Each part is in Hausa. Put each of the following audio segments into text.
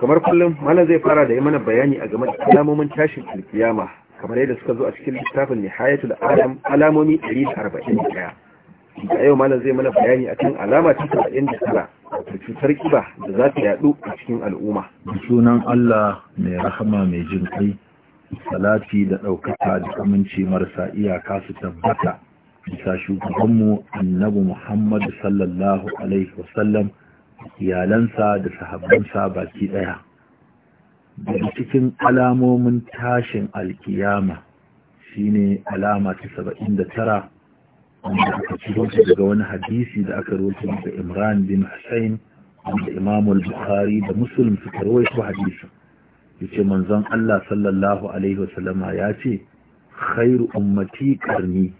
kamar kullum malam zai fara da yi mana bayani a game da alamomin tashin alkiyama kamar yadda suka zo a cikin littafin nihayatul alam alamomi 141 da yau malam zai mana bayani akan alama ta 79 da cutar kiba da za ta yadu a cikin al'umma sunan Allah mai rahama mai jin kai salati da ɗaukaka da aminci marasa iyaka su tabbata bisa shugabanmu annabi Muhammad sallallahu alaihi wasallam iyalansa da sahabbansa baki ɗaya daga cikin alamomin tashin alkiyama shine alama ta saba'in da tara wanda aka ciro shi daga wani hadisi da aka roƙi daga imran bin hussein wanda imamul bukhari da musulun suka su hadisin yace manzon Allah sallallahu alaihi wasallama ya ce khairu ummati ƙarni,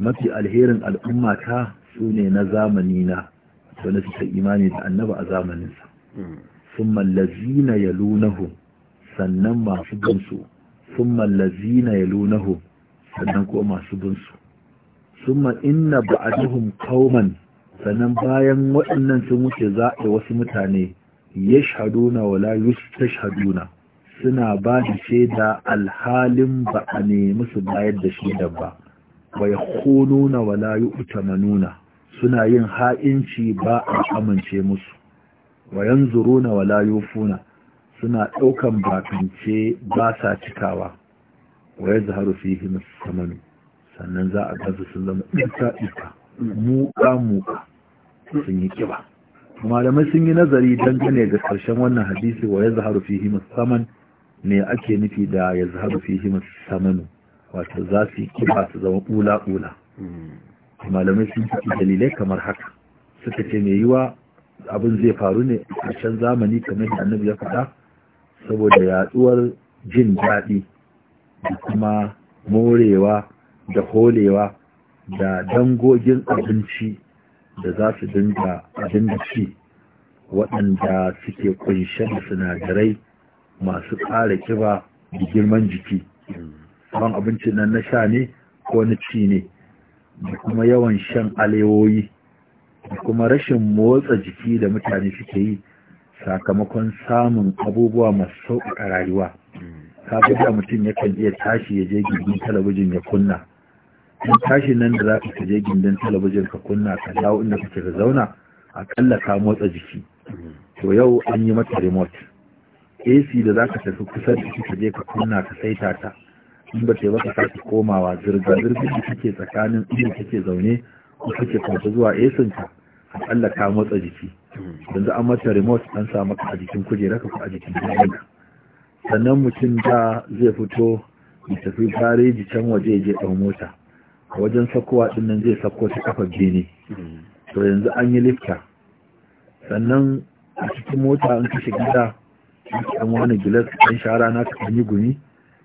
mafi alherin al'ummata sune na zamani na wanda suka imani da annaba a zamaninsa sun hmm. mallazina ya lunahu sannan masu binsu sun mallazina ya lunahu sannan ko masu binsu sun inna ba'aduhum kauman sannan bayan waɗannan sun wuce za a wasu mutane ya shaduna wala yusta shaduna suna ba da shaida alhalin ba a nemi su bayar da shaidar ba bai hununa wala yi utamanuna suna yin ha'inci ba a amince musu wa yanzuruna wala yufuna suna ɗaukan bakance ba sa cikawa wa ya zaharu fi himis samanu sannan za a gaza sun zama ɗika-ɗika muka-muka sun yi ƙiba malamai sun yi nazari dangane ga ƙarshen wannan hadisi wa ya zaharu fi himis saman ne ake nufi da ya zaharu fi himis samanu wato za su yi ƙiba su zama ƙula-ƙula. Hmm. malamai sun fi dalilai kamar haka suka ce mai yiwa abin zai faru ne a ƙarshen zamani kamar da annabi ya faɗa saboda yaɗuwar jin daɗi da kuma morewa da holewa da dangogin abinci da za su dinga abinci waɗanda suke ƙunshe da sinadarai masu ƙara kiba da girman jiki. saman abincin nan na sha ne ko na ci ne. da kuma yawan shan alewoyi da kuma rashin motsa jiki da mutane suke yi sakamakon samun abubuwa masu sauƙaƙa rayuwa kafin da mutum yakan iya tashi ya je gindin talabijin ya kunna in tashi nan da za ka je gindin talabijin ka kunna ka dawo inda kake ka zauna ƙalla ka motsa jiki to yau an yi mata remote ac da za ka tafi kusa da ka je ka kunna ka saita ta in ba ce baka sake komawa zirga zirga da kake tsakanin inda kake zaune ko kake kwanta zuwa esinta a Allah ka motsa jiki yanzu an mata remote an sa a jikin kujera ka ko a jikin jirgin sannan mutum da zai fito ya tafi gareji can waje ya je ɗau mota a wajen sakowa ɗin nan zai sako ta kafa bene to yanzu an yi lifta sannan a cikin mota an kashe gida an wani gilas an sha rana ka yi gumi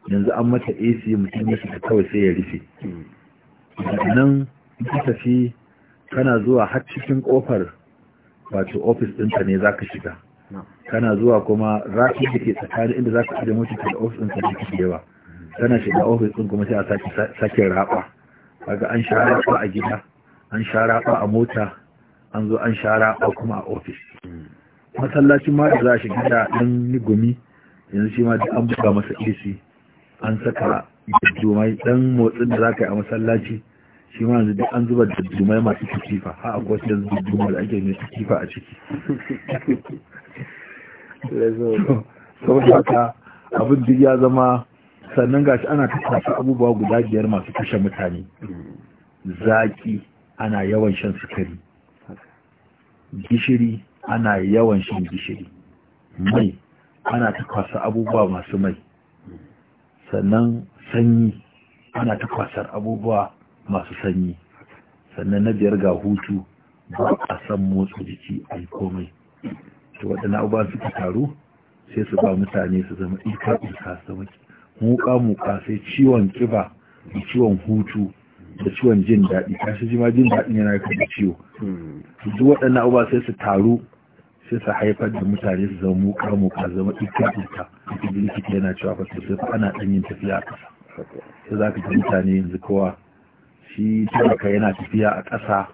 yanzu an mata ac mutum ya shiga kawai sai ya rufe nan ka tafi kana zuwa har cikin kofar wato ofis ɗinta ne za ka shiga kana zuwa kuma rafi da ke tsakanin inda za ka shiga mutum da ofis ɗinta da ke yawa kana shiga ofis ɗin kuma sai a sake raɓa kaga an sha raɓa a gida an sha raɓa a mota an zo an sha raɓa kuma a ofis masallacin ma da za a shiga da ɗan gumi yanzu shi ma an buga masa ac an saka jumai dan motsin da zaka yi a masallaci shi ma yanzu duk an zuba da jumai masu kifa ha a kwasu da jumai da ake mai kifa a ciki saboda haka abin duk ya zama sannan gashi ana kasa abubuwa guda biyar masu kashe mutane zaki ana yawan shan sukari gishiri ana yawan shan gishiri mai ana ta abubuwa masu mai sannan sanyi ana ta kwasar abubuwa masu sanyi sannan na biyar ga hutu ba a san motsa jiki a yi komai to waɗannan abubuwan suka taru sai su ba mutane su zama ika ika su zama muka muka sai ciwon ƙiba da ciwon hutu da ciwon jin daɗi kashi jima jin daɗin yana kan da ciwo hmm. duk waɗannan abubuwa sai su taru sai su haifar da mutane su zama muka muka zama ikka ikka ita likita yana cewa su sai ana dan yin tafiya a ƙasa sai za ka ga mutane yanzu kowa shi talaka yana tafiya a ƙasa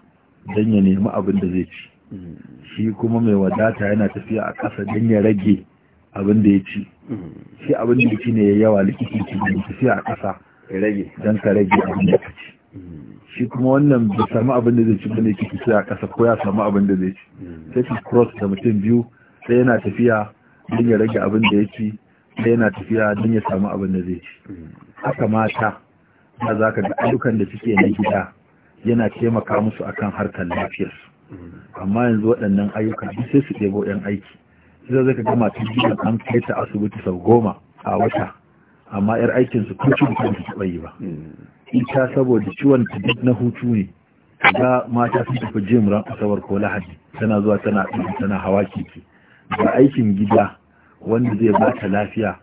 don ya nemi abin da zai ci mm. shi kuma mai wadata yana tafiya a ƙasa don ya rage abin da ya ci mm. shi abin da ya ci ne ya yawa likita ya tafiya a ƙasa don ka rage abin da ka ci shi kuma wannan bai samu abin da zai ci bane ke fita a kasa ko ya samu abin da zai ci mm. sai ki cross da mutum biyu sai yana tafiya don ya rage abin da ya ci sai yana tafiya don ya samu abin da zai ci mm. haka mata ba za ka ga ayyukan da suke na gida yana taimaka musu akan harkar lafiyarsu mm. amma yanzu waɗannan ayyuka duk sai su ɗebo 'yan aiki sai zai ka ga tun gidan an kai ta asibiti sau goma a wata amma 'yar aikinsu ko cikin ta taɓa yi ba ita saboda ciwon ta duk na hutu ne ga mata sun tafi jim ran asabar ko lahadi tana zuwa tana ɗin tana hawa keke ga aikin gida wanda zai ba ta lafiya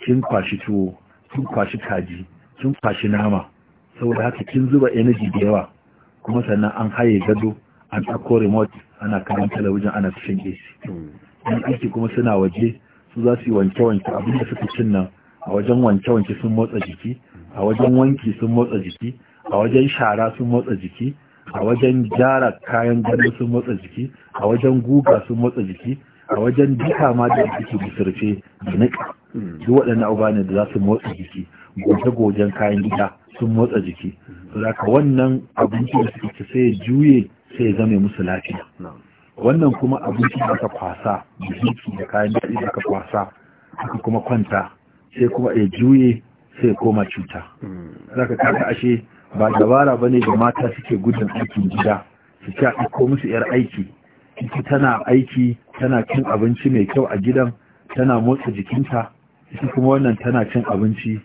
kin kwashi tuwo kin kwashi kaji kin kwashi nama saboda haka kin zuba energy da yawa kuma sannan an haye gado an ɗauko remote ana kallon talabijin ana cikin AC. Hmm. Yan aiki kuma suna waje su za su yi wanke-wanke abin da suka cin nan a wajen wanke-wanke sun motsa jiki a wajen wanki sun motsa jiki a wajen shara sun motsa jiki a wajen gyara kayan gado sun motsa jiki a wajen guga sun motsa jiki a wajen duka ma da jiki bisurfe da nika duk waɗannan abuwa ne da za su motsa jiki goje-gojen kayan gida sun motsa jiki saboda wannan abinci da suke ci sai juye sai ya zame musu lafiya wannan kuma abinci da aka kwasa da jiki da kayan daɗi da aka kwasa aka kuma kwanta sai kuma ya juye sai koma cuta hmm. zaka kaga ashe ba dabara ba ne da mata suke gudun aikin gida su ci musu yar aiki Kiki tana aiki tana cin abinci mai kyau a gidan tana motsa jikinta ita kuma wannan tana cin abinci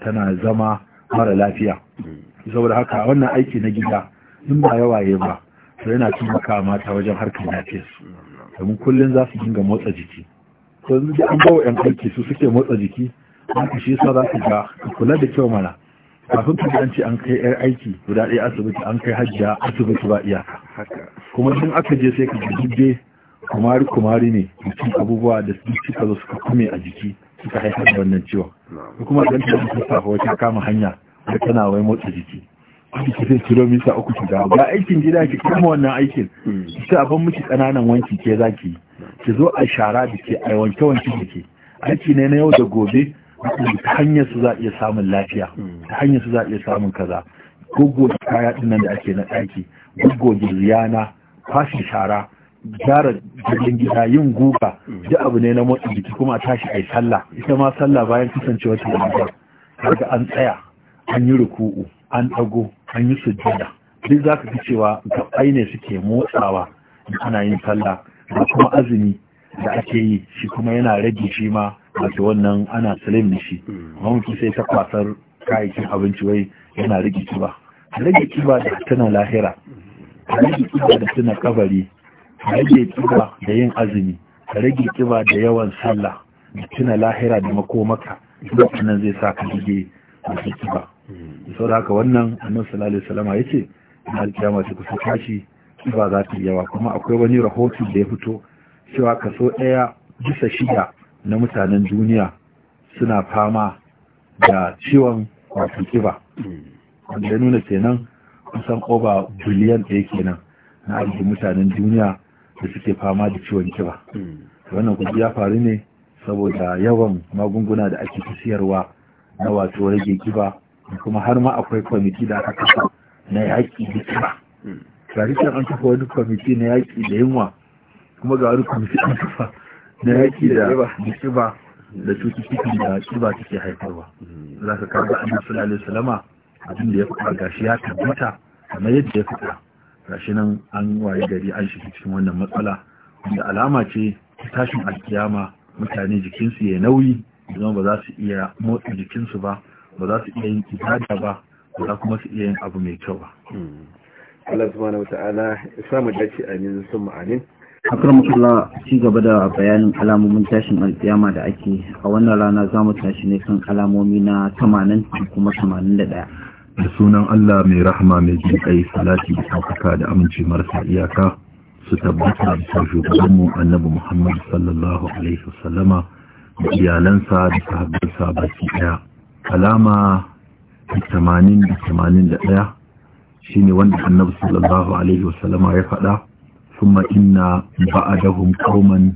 tana zama mara lafiya hmm. saboda haka wannan aiki na gida in ba yawa yi ba to yana taimaka mata wajen harkar lafiyarsu hmm. domin kullum za su dinga motsa jiki yanzu da an bawa yan aiki su suke motsa jiki haka shi sa za ka ga kula da kyau mana kafin ka an ce an kai yar aiki guda ɗaya asibiti an kai hajjiya asibiti ba iyaka kuma sun aka je sai ka dubbe kumari kumari ne mutum abubuwa da su ka zo suka kume a jiki suka haifar da wannan ciwon kuma dan ta ta safa wata kama hanya da tana wai motsa jiki wani kusan kilomita uku ki ga ga aikin gida ki kama wannan aikin hmm. sai abin miki kananan wanki ke zaki ki zo a shara da ke a wanke wanki da ke aiki ne na yau da gobe ta hanyar su za a iya samun lafiya hmm. ta hanyar su za a iya samun kaza goggoge kaya nan da ake na ɗaki goggoge riyana kwashe shara gyara jirgin gida yin guga hmm. duk abu ne na motsa jiki kuma a tashi a yi sallah ita ma sallah bayan kasancewa ta lambar daga an tsaya an yi ruku'u an ɗago an yi sujjada duk za ka fi cewa gabai ne suke motsawa da ana yin sallah da kuma azumi da ake yi shi kuma yana rage shi ma wato wannan ana salim da shi hmm. mamutu sai ta kwasar kayakin abinci wai yana rage kiba rage kiba da tana lahira rage kiba da tana kabari rage kiba da yin azumi rage kiba da yawan sallah da tana lahira da makomaka wannan zai sa ka rage masu kiba hmm. sau da haka wannan annabi sallallahu alaihi wasallam yace na alkiyama ta kusa tashi kiba za ta yawa kuma akwai wani rahoton da ya fito cewa kaso ɗaya bisa shida na mutanen duniya suna fama da ciwon wato kiba wanda ya nuna kenan kusan over biliyan ɗaya kenan na arzikin mutanen duniya da suke fama da ciwon kiba wannan kuma ya faru ne saboda yawan magunguna da ake siyarwa na wato rage kiba kuma har ma akwai kwamiti da aka kafa na yaƙi da kiba tarihin an kafa wani kwamiti na yaƙi da yunwa kuma ga wani kwamiti an kafa na yaki da kiba da cututtukan da kiba take haifarwa za ka kaga annabi sallallahu alaihi wasallama abin da ya faɗa gashi ya tabbata kamar yadda ya faɗa gashi nan an waye gari an shiga cikin wannan matsala wanda alama ce tashin alkiyama mutane jikinsu ya nauyi idan ba za su iya motsa jikinsu ba ba za su iya yin ibada ba ba za kuma su iya yin abu mai kyau ba hmm. Allah subhanahu wa ta'ala ya mu dace amin sun ma'anin akramukullah ci gaba da bayanin alamomin tashin alkiyama da ake a wannan rana za mu tashi ne kan alamomi na tamanin kuma tamanin da Da sunan Allah mai rahama mai jin kai salati da saukaka da aminci marasa iyaka su tabbata da mu, annabi Muhammad sallallahu alaihi wasallama da iyalansa da sahabbansa baki daya alama 80 da 81 shine wanda annabi sallallahu alaihi wasallama ya faɗa ثم إن بعدهم قوما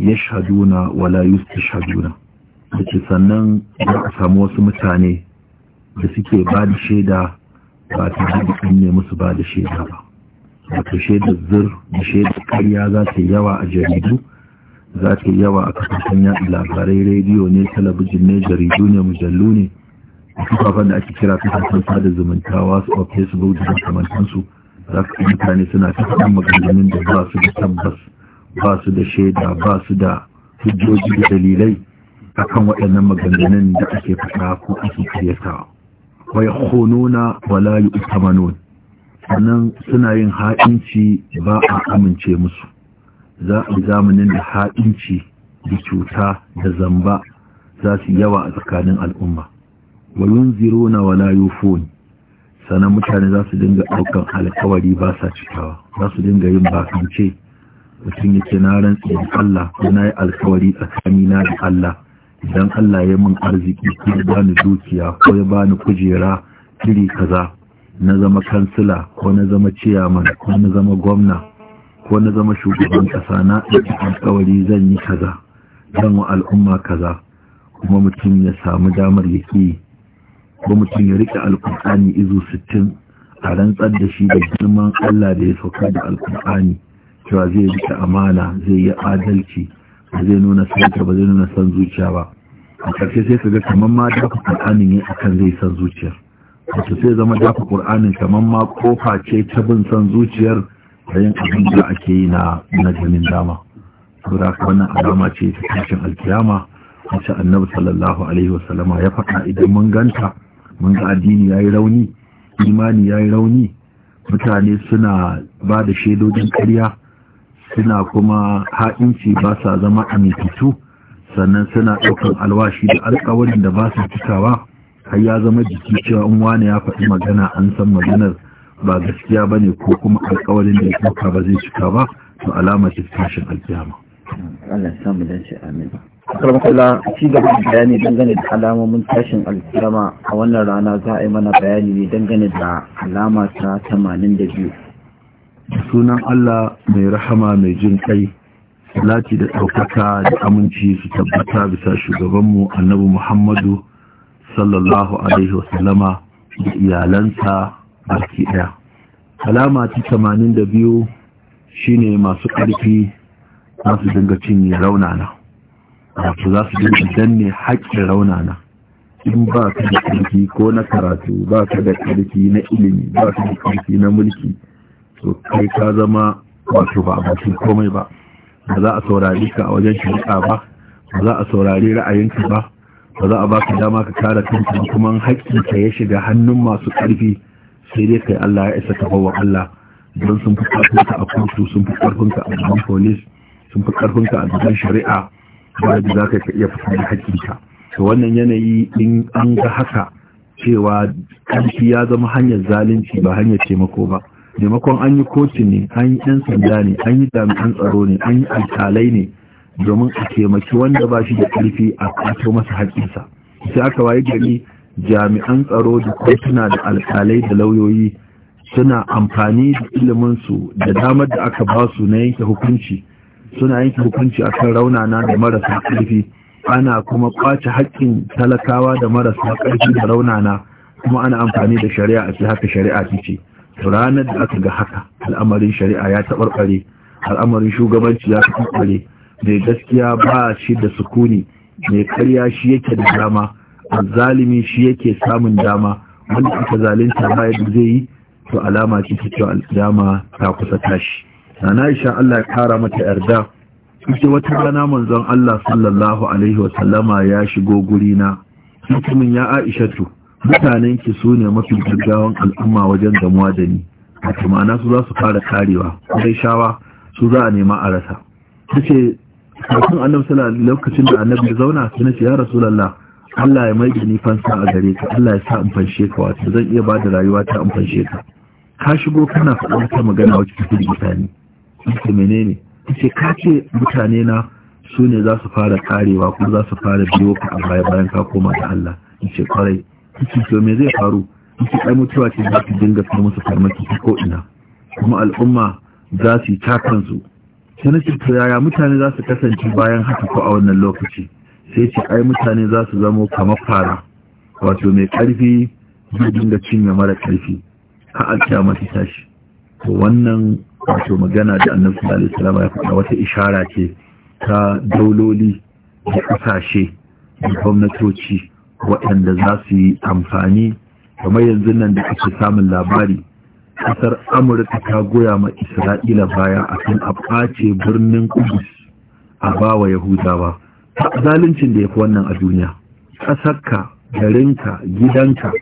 يشهدون ولا يستشهدون dake sannan za a samu wasu mutane da suke ba da shaida ba ta da ne musu ba da shaida ba wato shaidar zir karya za ta yawa a jaridu za ta yawa a kasashen yaɗa labarai rediyo ne talabijin ne jaridu ne mujallu ne a kafafen da ake kira kafafen sada zumuntawa wasu a fesbuk da makamantansu za ka mutane suna ta faɗin maganganun da ba su da tabbas ba su da shaida ba su da hujjoji da dalilai a kan waɗannan maganganun da ake faɗa ko ake karyatawa wa ya yakhununa wa la yu'tamanun sannan suna yin ha'inci ba a amince musu za a zamanin da ha'inci da cuta da zamba za su yawa a tsakanin al'umma wa yunziruna wa la sannan mutane za su dinga ɗaukan alkawari ba sa cikawa za su dinga yin bakance mutum yake na rantsi da Allah ko na yi alkawari tsakanina da Allah idan Allah ya min arziki ko ya bani dukiya ko ya bani kujera iri kaza na zama kansila ko na zama ciyaman ko na zama gwamna ko na zama shugaban kasa na ɗauki alkawari zan yi kaza zan wa al'umma kaza kuma mutum ya samu damar yake ko mutum ya riƙe alkur'ani izu sittin a rantsar da shi da girman Allah da ya sauka da alkur'ani cewa zai riƙe amana zai yi adalci ba zai nuna sarka ba zai nuna san zuciya ba a ƙarshe sai ka ga kamar ma dafa ƙur'anin ya akan zai san zuciyar wato sai zama dafa ƙur'anin kamar ma kofa ce ta bin san zuciyar da yin abin da ake yi na na ganin dama saboda wannan alama ce ta tashin alkiyama wacce annabi sallallahu alaihi wasallama ya faɗa idan mun ganta mun ga addini ya yi rauni imani ya yi rauni mutane suna ba da shaidodin karya suna kuma ha'inci ba sa zama amintattu sannan suna ɗaukar alwashi da alƙawarin da ba su cikawa har ya zama jiki cewa in wani ya faɗi magana an san maganar ba gaskiya ba ne ko kuma alƙawarin da ya ɗauka ba zai cika ba to alamar tashin alƙiyama. Allah Akwai karmakala ci gaba da bayani dangane da alamomin tashin alkirama a wannan rana za a yi mana bayani ne dangane da alama ta biyu. sunan allah mai rahama mai jin kai salati da ɗaukaka da aminci su tabbata bisa shugabanmu annabi muhammadu sallallahu alaihi wasallama da iyalansa baki ɗaya alama ta tamanin da biyu shine masu ƙarfi za su dinga cinye raunana wato za su dinga danne haƙƙin raunana in ba ka da ƙarfi ko na karatu ba ka da ƙarfi na ilimi ba ka da ƙarfi na mulki to kai ka zama wato ba abokin komai ba ba za a saurari ka a wajen shari'a ba ba za a saurari ra'ayinka ba ba za a ba ka dama ka kare kanka kuma ka ya shiga hannun masu ƙarfi sai dai kai Allah ya isa ka bawa Allah don sun fi ƙarfinka a kotu sun fi ƙarfinka a gaban polis sun fi ƙarfinka a gaban shari'a ba da za ka iya fitar da hakinka to wannan yanayi in an ga haka cewa ƙarfi ya zama hanyar zalunci ba hanyar taimako ba Taimakon an yi kotu ne an yi ɗan sanda ne an yi jami'an tsaro ne an yi alkalai ne domin a taimaki wanda ba shi da ƙarfi a kwato masa haƙƙinsa sai aka waye gari jami'an tsaro da kotuna da alkalai da lauyoyi suna amfani da iliminsu da damar da aka ba su na yanke hukunci suna yanke hukunci akan raunana da marasa ƙarfi ana kuma ƙwace haƙƙin talakawa da marasa ƙarfi da raunana kuma ana amfani da shari'a a haka shari'a ce ranar da aka ga haka al'amarin shari'a ya taɓarɓare al'amarin shugabanci ya taɓarɓare mai gaskiya ba shi da sukuni mai karya shi yake da dama zalimi shi yake samun dama wanda aka zalinta bayan da zai yi to alama ce ta cewa ta kusa tashi na Aisha Allah ya kara mata yarda ce wata rana manzon Allah sallallahu alaihi wa sallama ya shigo guri na mutumin ya Aisha tu mutanen ki su ne mafi gaggawan al'umma wajen damuwa da ni a tumana su za su fara karewa sai shawa su za a nema a rasa tace kafin annabi sallallahu lokacin da annabi ya zauna sai ce ya rasulullah Allah ya mai ni fansa a gare ka Allah ya sa in fanshe ka wato zan iya bada rayuwa ta in fanshe ka ka shigo kana faɗa wata magana wacce take da mutane mene menene ce ka ce mutane na su ne za su fara karewa ko za su fara biyo ka a baya bayan ka koma da Allah ce kwarai ce to me zai faru ce ai mutuwa ce za su dinga kai musu farmaki ko ina kuma al'umma za su yi kansu sai to yaya mutane za su kasance bayan haka ko a wannan lokaci sai ce ai mutane za su zamo kamar fara wato mai karfi zai dinga cinye mara karfi har alkiyama ta tashi to wannan wato magana da annabi sallallahu alaihi wasallam ya faɗa wata ishara ce ta dauloli da kasashe da gwamnatoci waɗanda za su yi amfani kamar yanzu nan da ake samun labari ƙasar amurka ta goya ma isra'ila baya a kan a ɓace birnin kudus a bawa yahudawa zaluncin da ya fi wannan a duniya ƙasarka garinka gidanka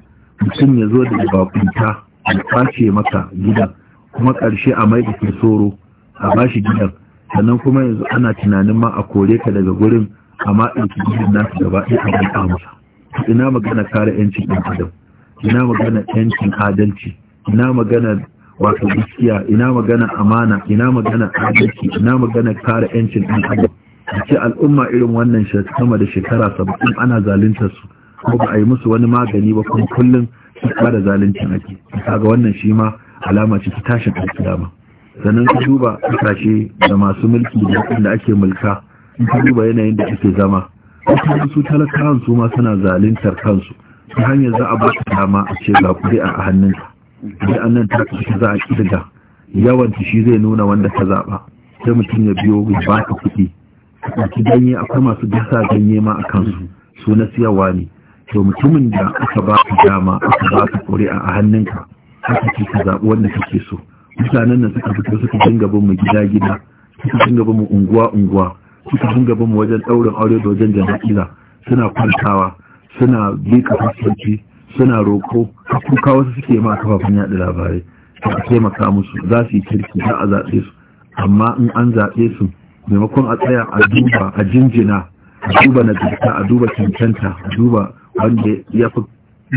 mutum ya zo da bakunta a ɓace maka gidan kuma ƙarshe a mai da soro a bashi gidan sannan kuma yanzu ana tunanin ma a kore ka daga gurin a ɗauki gidan nasu gaba ɗaya a bai amsa ina magana kare yancin ɗan adam ina magana yancin adalci ina magana wato gaskiya ina magana amana ina magana adalci ina magana kare yancin ɗan adam a ce al'umma irin wannan sama da shekara saba'in ana zaluntar su ko ba a yi musu wani magani ba kuma kullum su da zaluncin ake ga wannan shi ma alama ce ta tashin alkiyama sannan ka duba kasashe da masu mulki da da ake mulka ka duba yanayin da ake zama wasu su talakawan su ma suna zaluntar kansu ta hanyar za a ba su dama a ce ga a hannunka da annan ta kashe za a kirga yawan shi zai nuna wanda ka zaɓa sai mutum ya biyo ya ba ka kuɗi ɗauki ganye akwai masu dasa ganye ma a kansu su na siyarwa ne to mutumin da aka ba ka dama aka ba ka ƙuri'a a hannunka haka ce ka zaɓi wanda kake so mutanen nan suka fito suka dinga bin mu gida gida suka dinga bin mu unguwa unguwa suka dinga bin mu wajen ɗaurin aure da wajen jama'ila suna kwantawa suna bi kasuwanci suna roƙo kuka wasu suke ma a kafafen yaɗa labarai a taimaka musu za su yi kirki za a zaɓe su amma in an zaɓe su maimakon a tsaya a duba a jinjina a duba nagarta a duba cancanta a duba wanda ya fi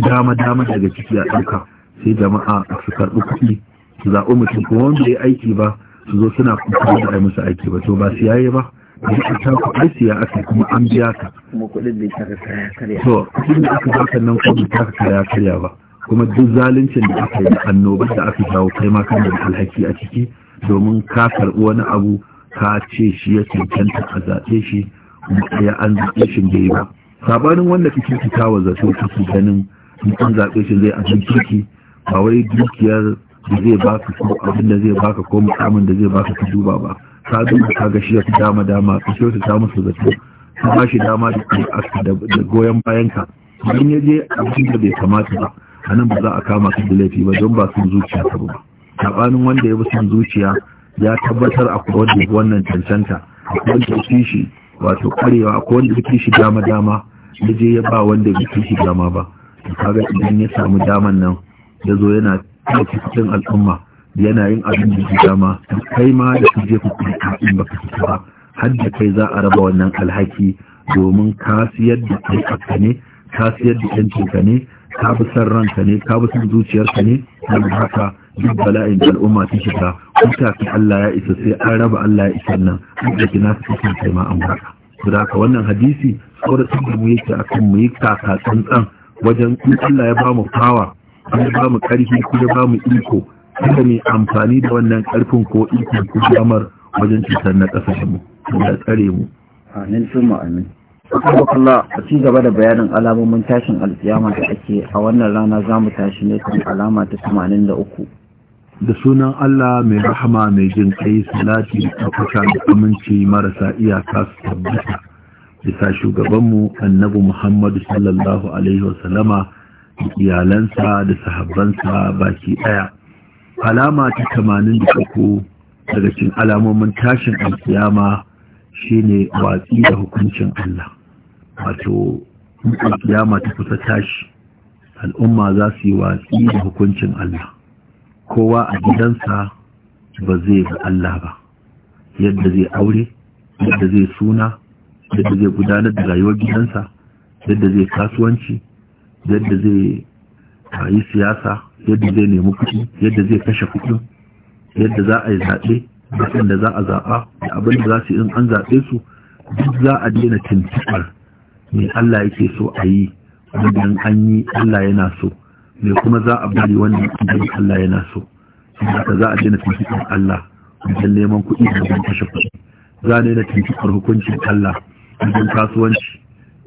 dama dama daga ciki a ɗauka sai jama'a su karɓi kuɗi su zaɓi mutum ko wanda ya aiki ba su zo suna kuma da ai musu aiki ba to ba su yayi ba da ta kuɗi siya aka kuma an biya ka to kuɗin da aka baka nan kuma bai taka kaya karya ba kuma duk zaluncin da aka yi annobar da aka jawo kai ma kan da alhaki a ciki domin ka karɓi wani abu ka ce shi ya cancanta a zaɓe shi kuma ya an zaɓe shi bai ba sabanin wanda kake fita wa zato kake ganin in zaɓe shi zai a kirki Kawai dukiyar da zai baka ko abin da zai baka ko mutamin da zai baka ka duba ba ka duba ka ga shi ta dama dama ka so ta musu zato ka ba shi dama da goyon bayan ka idan ya je abin da bai kamata ba a nan ba za a kama ka da laifi ba don ba sun zuciya ta ba sabanin wanda ya bi son zuciya ya tabbatar a kowanne wannan cancanta a kowanne ya shi wato karewa a kowanne ya shi dama dama ya je ya ba wanda fi shi dama ba kaga idan ya samu daman nan ya zo yana ɗauki cikin al'umma yana yin abin da dama kai ma da kuje ku kafin baka fita ba har da kai za a raba wannan alhaki domin ka siyar da ka ne ka siyar da yancinka ne ka bi san ranka ne ka bi san zuciyarka ne don haka duk bala'in da al'umma ta shiga mutaki Allah ya isa sai an raba Allah ya isa nan da kina su cikin kai ma an baka to wannan hadisi saboda sun mu yake akan mu yi kaka tsantsan wajen in Allah ya ba mu fawa ya ba mu ƙarfi ku ya ba mu iko kada mai amfani da wannan ƙarfin ko ikon ko damar wajen cutar na ƙasashenmu da tsare mu. Amin sun ma'amin. Allah a ci gaba da bayanin alamomin tashin alkiyama da ake a wannan rana za mu tashi ne kan alama ta tamanin da uku. Da sunan Allah mai rahama mai jin kai salati da kwata da aminci marasa iyaka su tabbata. Bisa shugabanmu annabi Muhammadu sallallahu alaihi wa sallama iyalansa da sahabbansa baki ɗaya alama ta tamanin da uku daga cikin alamomin tashin alkiyama shine watsi da hukuncin Allah wato alkiyama ta kusa tashi al'umma za su yi watsi da hukuncin Allah kowa a gidansa ba zai ga Allah ba yadda zai aure yadda zai suna yadda zai gudanar da rayuwar gidansa yadda zai kasuwanci yadda zai yi siyasa yadda zai nemi kuɗi yadda zai kashe kuɗi yadda za a yi zaɓe yadda da za a zaɓa da abin da za su in an zaɓe su duk za a daina tuntuɓar mai Allah yake so a yi wannan an yi Allah yana so mai kuma za a bari wanda an Allah yana so haka za a daina tuntuɓar Allah wajen neman kuɗi da wajen kashe kuɗi za a daina tuntuɓar hukuncin Allah wajen kasuwanci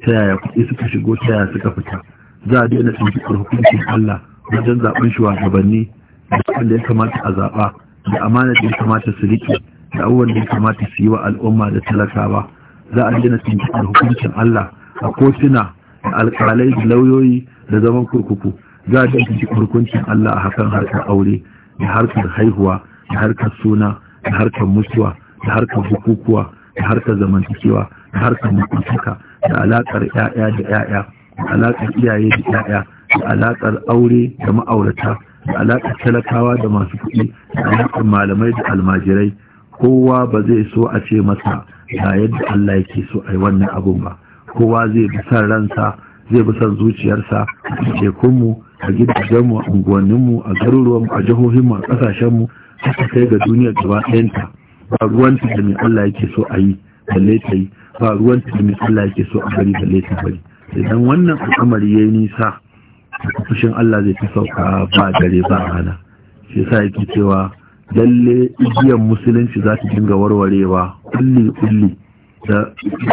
ta yaya kuɗi suka shigo ta yaya suka fita za a daina tuntuɓar hukuncin Allah wajen zaɓen shugabanni da cikin da ya kamata a zaɓa da amanar da ya kamata su riƙe da abubuwan da ya kamata su yi wa al'umma da talakawa za a daina tuntuɓar hukuncin Allah a kotuna da alƙalai da lauyoyi da zaman kurkuku za a daina tuntuɓar hukuncin Allah a hakan harkar aure da harkar haihuwa da harkar suna da harkar mutuwa da harkar bukukuwa da harkar zamantakewa da harkar mutuntuka da alaƙar 'ya'ya da 'ya'ya alaƙar iyaye da 'ya'ya da alaƙar aure da ma'aurata da alaƙar talakawa da masu kuɗi da alaƙar malamai da almajirai kowa ba zai so a ce masa ga yadda Allah yake so a yi wannan abun ba kowa zai bi san ransa zai bi san zuciyarsa a tekunmu a gidajenmu a unguwanninmu a garuruwanmu a jihohinmu a ƙasashenmu haka kai ga duniyar gaba ɗayanta ba ruwan da mai Allah yake so a yi balle ta yi ba ruwan da mai Allah yake so a gari balle ta bari idan wannan al'amari yi nisa fushin Allah zai fi sauka ba dare ba rana shi yasa yake cewa lalle igiyar musulunci za ta dinga warwarewa kulli kulli da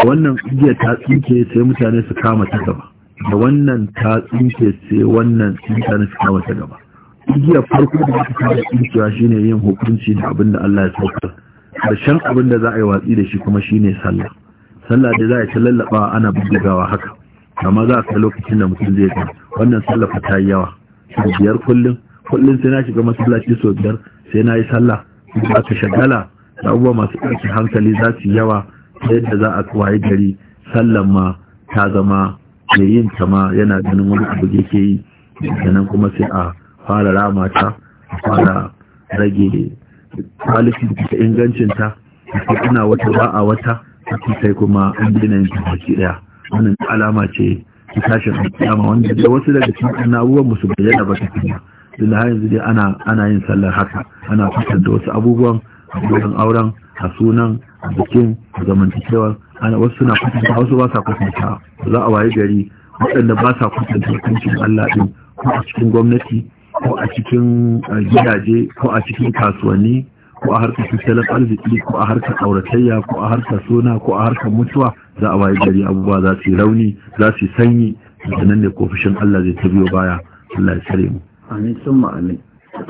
wannan igiyar ta tsinke sai mutane su kama ta gaba da wannan ta tsinke sai wannan mutane su kama ta gaba igiyar farko da ta kama tsinkewa shine yin hukunci da abin da Allah ya sauka. karshen abin da za a yi watsi da shi kuma shine sallah sallah da za a ta lallaba ana bugawa haka amma za a kai lokacin da mutum zai ga wannan sallafa ta yi yawa sau biyar kullum kullum sai na shiga masallaci sau biyar sai na yi sallah za ka shagala da abubuwa masu ɗauki hankali za su yawa ta yadda za a waye gari sallan ma ta zama mai yin ta ma yana ganin wani abu da yake yi sannan kuma sai a fara rama ta a fara rage kwalifin da ingancinta a ina wata ba a wata sai kuma an dina yin ta ɗaya wannan alama ce ta tashin alƙiyama wanda da wasu daga cikin abubuwan musu bayyana ba ta kuma tunda har yanzu dai ana ana yin sallar haka ana fitar da wasu abubuwan a wurin auren a sunan a bikin a zamantakewar ana wasu suna kwatanta wasu ba sa kwatanta za a waye gari waɗanda ba sa kwatanta hukuncin Allah ɗin ko a cikin gwamnati ko a cikin gidaje ko a cikin kasuwanni ko a harkar tattalin arziki ko a harkar auratayya ko a harkar suna ko a harkar mutuwa za a waye gari abubuwa za su yi rauni za su yi sanyi da nan ne ko Allah zai ta biyo baya Allah ya tsare mu amin summa amin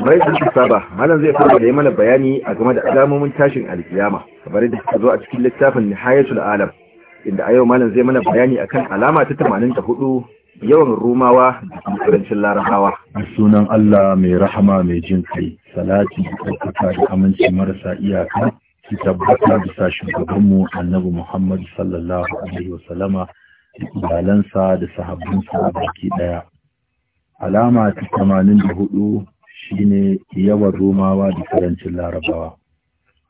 bai da suka saba malam zai fara da mana bayani a game da alamomin tashin alkiyama kamar da suka zo a cikin littafin nihayatul alam inda a yau malam zai mana bayani akan alama ta 84 yawan rumawa da turancin larabawa sunan Allah mai rahama mai jin kai salati da ɗaukaka da aminci marasa iyaka su tabbata bisa shugabanmu annabi Muhammad sallallahu alaihi wasallama iyalansa da sahabbinsa baki ɗaya. alama ta tamanin da hudu shine yawan rumawa da karancin larabawa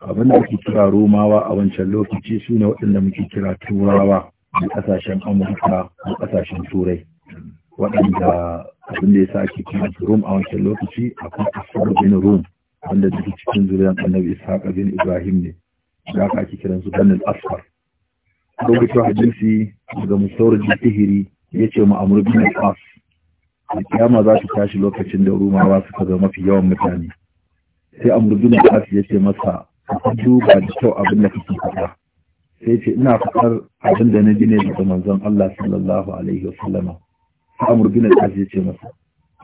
abin da ake kira rumawa a wancan lokaci su ne waɗanda muke kira turawa da ƙasashen amurka da ƙasashen turai waɗanda abin da ya sa ake kuma rum a wancan lokaci akwai asar bin rum wanda duka cikin zuriyar annabi ishaƙa bin ibrahim ne da aka ake kiran su asfar rubutu hadisi daga musawar jihiri ya ce ma'amur bin al a kiyama za ta tashi lokacin da rumawa suka zama mafi yawan mutane sai amur bin al ya ce masa ka duba da kyau abin da kake faɗa sai ce ina faɗar abin da na ji ne daga manzon Allah sallallahu alaihi wasallama amur bin al ya ce masa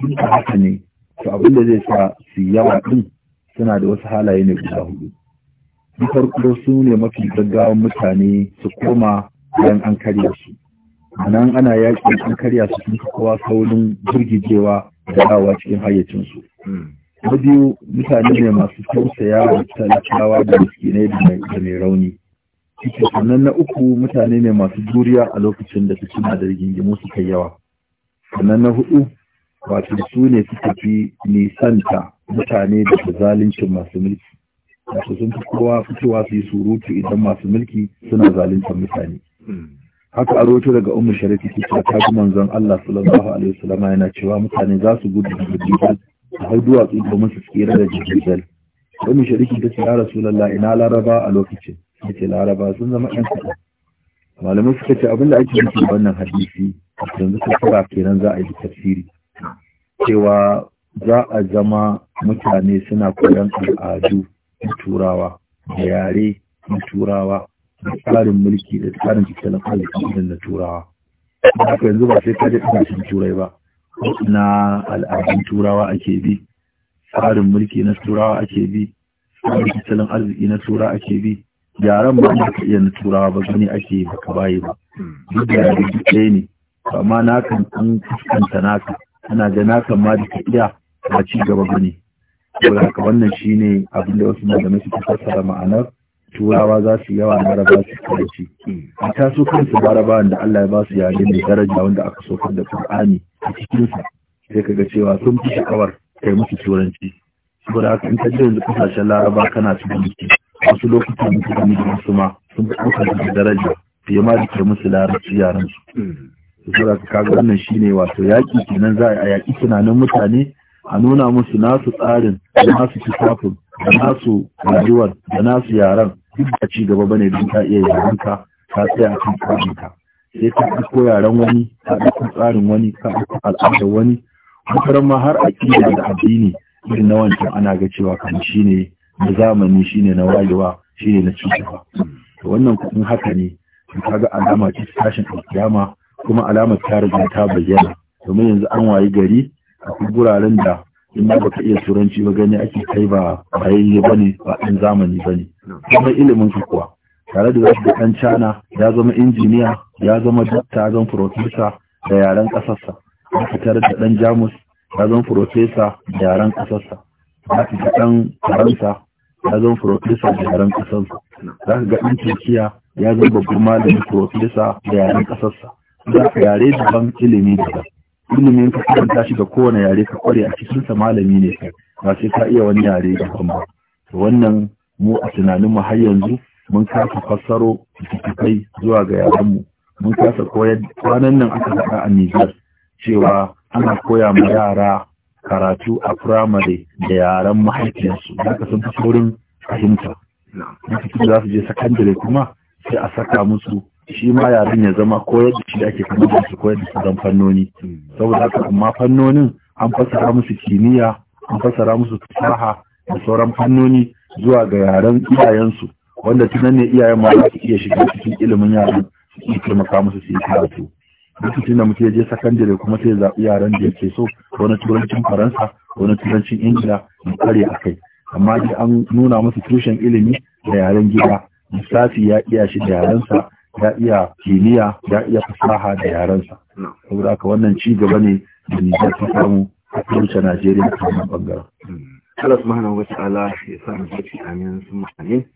in ka haka ne to abin da zai sa su yawa din suna da wasu halaye ne guda hudu na farko su ne mafi gaggawan mutane su koma bayan an karya su anan ana yaƙi an karya su sun kowa saurin jirgijewa da dawowa cikin hayyacinsu na biyu mutane ne masu tausaya da talakawa da miskinai da mai rauni sannan na uku mutane ne masu juriya a lokacin da su suna da rigingimu su kai yawa sannan na hudu wato su ne suka fi nisanta mutane da zaluncin masu mulki wato sun fi kowa fitowa su yi surutu idan masu mulki suna zaluntar mutane haka a roto daga umar sharifi su ta manzon Allah sallallahu alaihi wasallam yana cewa mutane za su gudu da jibal har duwatsu domin su tsira da jibal umar sharifi ta ce ya ina laraba a lokacin ya laraba sun zama yan kaɗan malamai suka ce abinda ake nufi da wannan hadisi yanzu fassara kenan za a yi tafsiri cewa za a zama mutane suna koyon al'adu na turawa da yare na turawa da tsarin mulki da tsarin tattalin arziki na turawa haka yanzu ba sai ka je cikin turai ba na al'adun turawa ake bi tsarin mulki na turawa ake bi tsarin tattalin arziki na turawa ake bi yaran ba ka iya na turawa ba gani ake baka bayi ba duk da yare duk ɗaya ne amma nakan an fuskanta naka ana na nakan ma da ka iya ba ci gaba ba ne saboda haka wannan shine abin da wasu malamai suka fassara ma'anar turawa za su yawa laraba su karanci a taso kansu larabawan da Allah ya ba su yare mai daraja wanda aka sokar da Qur'ani a cikinsa sai kaga cewa sun fi sha'awar kai musu turanci saboda haka in ka ji yanzu kasashen laraba kana cikin mutum. wasu lokutan da suka miji ma sun ɗaukar da daraja Ya ma da ke musu larabci yaran su saboda kaga wannan shine wato yaƙi kenan za a yaƙi tunanin mutane a nuna musu nasu tsarin da nasu tufafin da nasu rayuwar da nasu yaran duk da ci gaba bane don ta iya yaran ka tsaya kan ka. sai ka ɗauko yaran wani ka ɗauko tsarin wani ka ɗauko al'adar wani wataran ma har a ƙi da addini irin na wancan ana ga cewa kamar shine na zamani shine na wayewa shine na cutarwa to wannan kuɗin haka ne ga alama ce tashin alkiyama kuma alamar ta riga ta bayyana domin yanzu an wayi gari akwai guraren da in ba baka iya turanci ba gani ake kai ba bayayye ba ne ba ɗan zamani ba ne kuma ilimin ka kuwa tare da zai ɗan cana ya zama injiniya ya zama dokta ya zama da yaren ƙasarsa haka tare da ɗan jamus ya zama profesa da yaren ƙasarsa haka ɗan faransa ya zama furofesa da yaren ƙasarsa za ka ga ɗan turkiya ya zama babban malamin profesa da yaren ƙasarsa za ka yare daban ilimi daban ilimin ka kan shi ga kowane yare ka kware a cikinsa malami ne kai ba sai ka iya wani yare daban ba wannan mu a tunanin mu har yanzu mun kasa fassaro kai zuwa ga yarenmu. mun kasa koyar kwanan nan aka faɗa a Nijar cewa ana koya ma yara karatu a firamare da yaren mahaifiyarsu za ka sun fi saurin fahimta lokacin za su je sakandare kuma sai a saka musu shi ma yaren ya zama koyar da shi ake kuma da su koyar da sauran fannoni saboda haka amma fannonin an fassara musu kimiyya an fassara musu fasaha da sauran fannoni zuwa ga yaren iyayensu wanda tunan ne iyayen ma za su iya shiga cikin ilimin yaran su iya taimaka musu su yi karatu lokacin da mutum ya je sakandare kuma sai zaɓi yaran da yake so wani turancin faransa wani turancin ingila mu kare a kai amma dai an nuna masu tushen ilimi da yaren gida lissafi ya iya shi da yarensa ya iya kimiyya ya iya fasaha da yarensa saboda haka wannan ci gaba ne da nijar ta samu a kusa najeriya a wannan bangaren hmm. Allah subhanahu wa ta'ala ya sa mu amin sun ma'anin